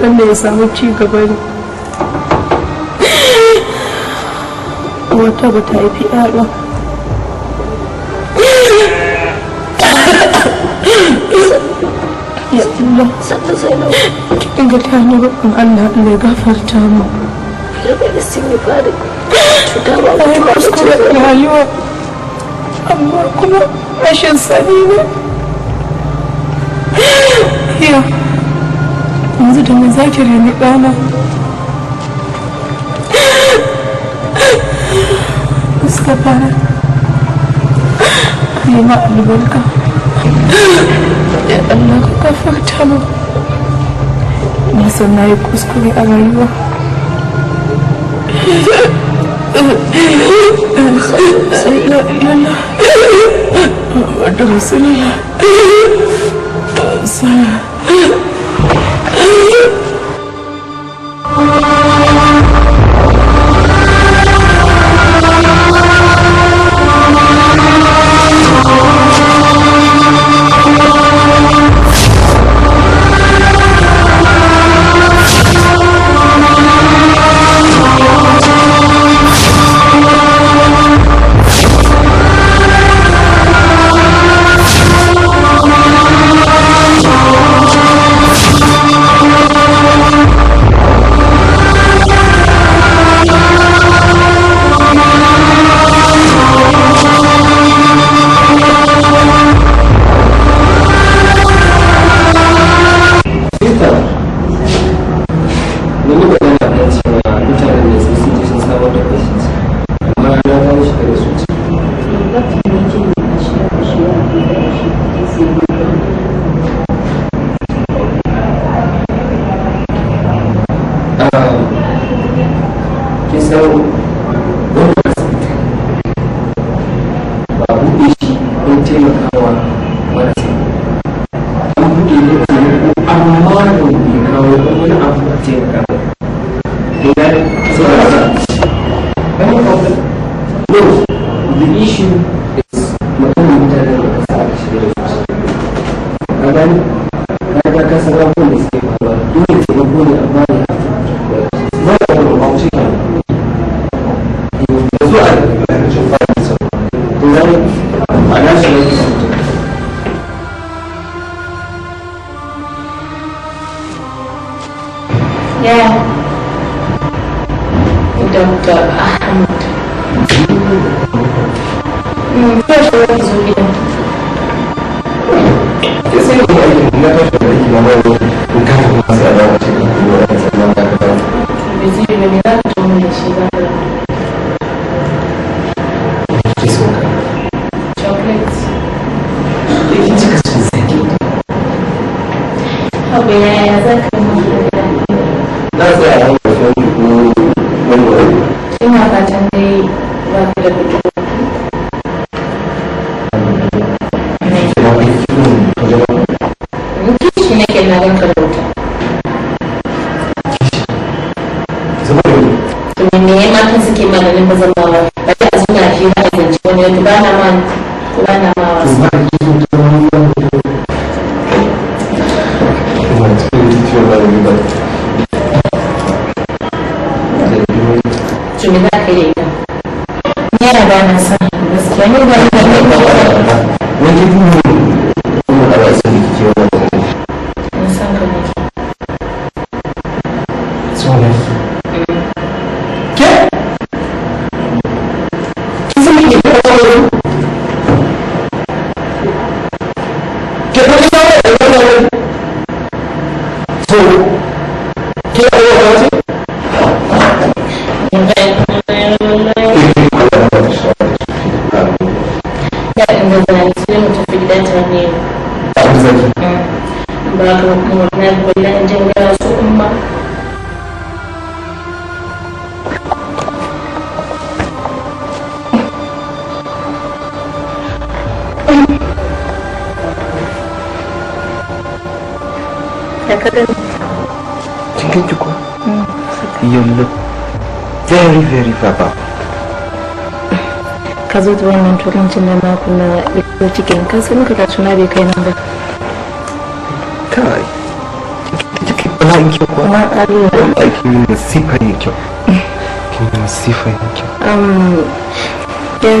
nan da ya samu cigaba ne wata ba ta haifi yaron ga ta rukun Allah Allah ya gafarta mu rayuwa amma kuma rashin sani ne maamuzi damu zake ilinibana. Uska para alima albarka ya Allah ka kafarta mu. san kuskure a rayuwa. Sai na ilana. Wadda Sana. wajen taimakawa marasa an buɗe ne taimako amma da bai kawo wani abu a taimaka No, the issue is mutum mutane da kasa a cikin rikici. Kaga kaga kasa ga wanda suke faruwa dole taimako ne amma Né? Dr. Ahmed. Hum, por favor, Zulia. Eu sei que eu não é para fazer não mandou um carro com a cidadã, o tipo de mulher, essa não é para fazer. Vizinho, ele dá para tomar a cidadã. Isso, cara. Chocolates. Eu vim de casa com isso aqui. Tá bem, né? Cristina Queimada Prota. To me matan suke mana ne ba zama ba, ba da suna shi ba eu zance wani yadda ba na ma ba na ma wasu. To me za ka yi soleh Barakah Allah, Nabi Allah, Jangan Rasulullah. ya ka gani kin ko very very baba ka zo da wannan turancin na naku na ɗauko cikin kan sai muka gaci na bai kai nan ba kai kike bala in kyau kuwa na ƙari ne ba ki yi nasifa ne kyau ki yi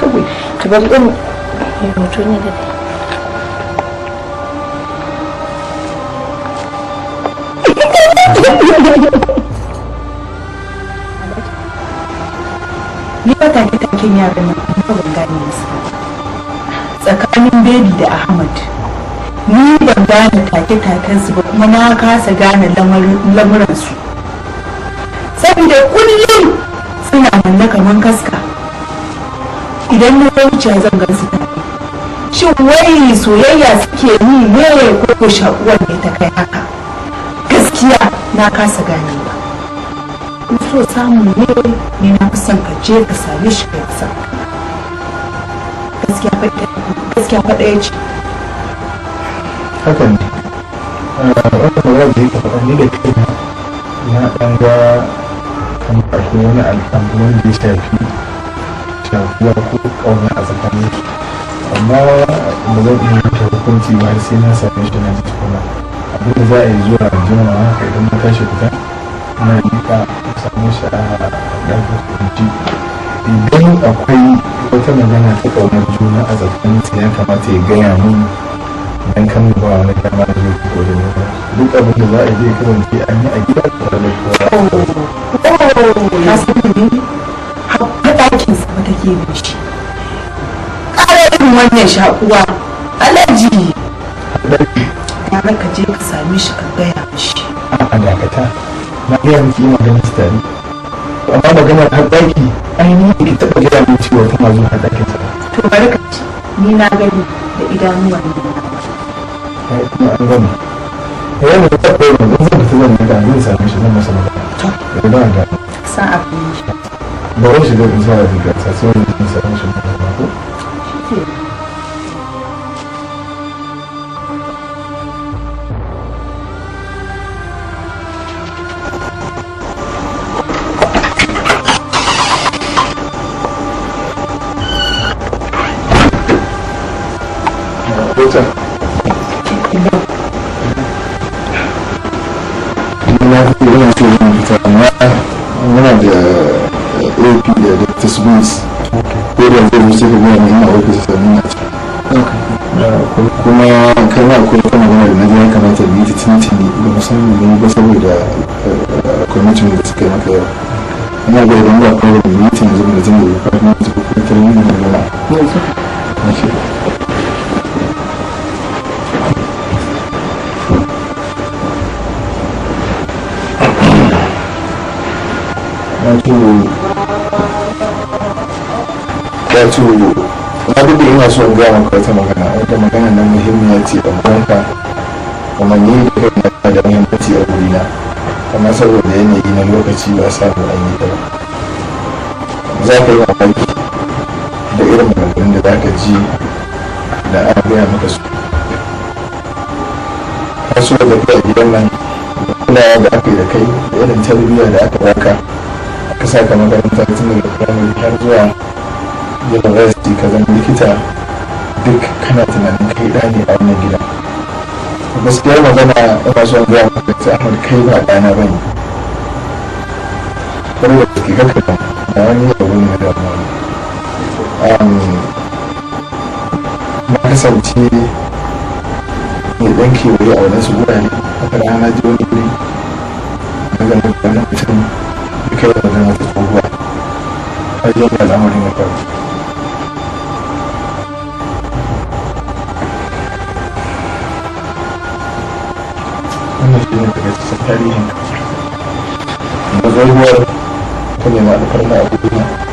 kawai ta bar ɗin hoto ne da Ni ba take taken yaran nan ba ban gane musu tsakanin baby da Ahmad ni ban gane take taken su ba kuma na kasa gane lamuran su saboda kullum suna mallaka man kaska idan na wuce zan gan su shin wai soyayya suke yi ne ko ko shakuwar ne ta kai haka gaskiya na kasa gane ba in so samu ne ne na fi son ka je ka same shi kai kusa gaskiya faɗa ya ce haka ne eh, wannan magana da yake faɗa ni da kaina na ɗan ga kamar akwai wani al'amari wanda ya shafi shafuwa ko ƙauna a tsakanin su amma ba zan iya yanke hukunci ba sai na same shi na abin da za a yi zuwa jimawa haka idan na tashi fita na liƙa samu shi a ɗakin kunci idan akwai wata magana ta ƙaunar juna a tsakanin su ya kamata ya gaya mun dan kan ba wani kama da yau ko da nuna duk abin da za a yi zai an yi a gida da ranar ake da shi ƙara irin wannan shakuwa alaji gara ka je ka sami shi ka gaya mishi a dakata na gaya miki magana su tare amma maganar haɗaki ainihin ki taɓa gaya min cewa tana zuwa haɗakin sa to bari ka ci ni na gani da idanuwan ne na ya kuma an gama yayin da ta koyi zan fita zan ga zan sami shi zan masa magana to ya ba ga san abin shi Dorește de funcționarea aplicației, să nu și mai departe. Una de op da da testimonies ko da zai musu ga gina ina ofis da nuna ce kuma kana akwai kana gana da naji ya kamata bi ta tintini da musamman ne ba saboda kwamitin da suka yi maka yau ina ga idan ba kawai da mitin yanzu da zan yi kafin ta kuma ta yi da gana Thank you. wato na duk ina so in gaya maka wata magana wata magana na muhimmiya ce a gurinka kuma ni da kai na da muhimmanci a wurina kuma saboda yanayi na lokaci ba sa mu an yi ba za ka yi mamaki da irin maganganun da za ka ji da an gaya maka su kasuwa da kai gidan nan da kulawa da aka yi da kai da irin tarbiyya da aka baka aka saka makaranta tun daga firamare har zuwa university ka zan likita duk kana tunanin kai da ne a wannan gida Gaskiya magana ina son gaya maka da ahmad kai ba ɗana ba ne wani da suke kaka da na wani yabo ne na damuwa na kasance mai ɗan kewaye a wadansu gurare haka da ana ji wani wuri na ganin wani mutum da kai da magana ta tsohuwa har yi al'amarin ya faru musulun daga cikin tarihin da zarwar kuma na ma a duniya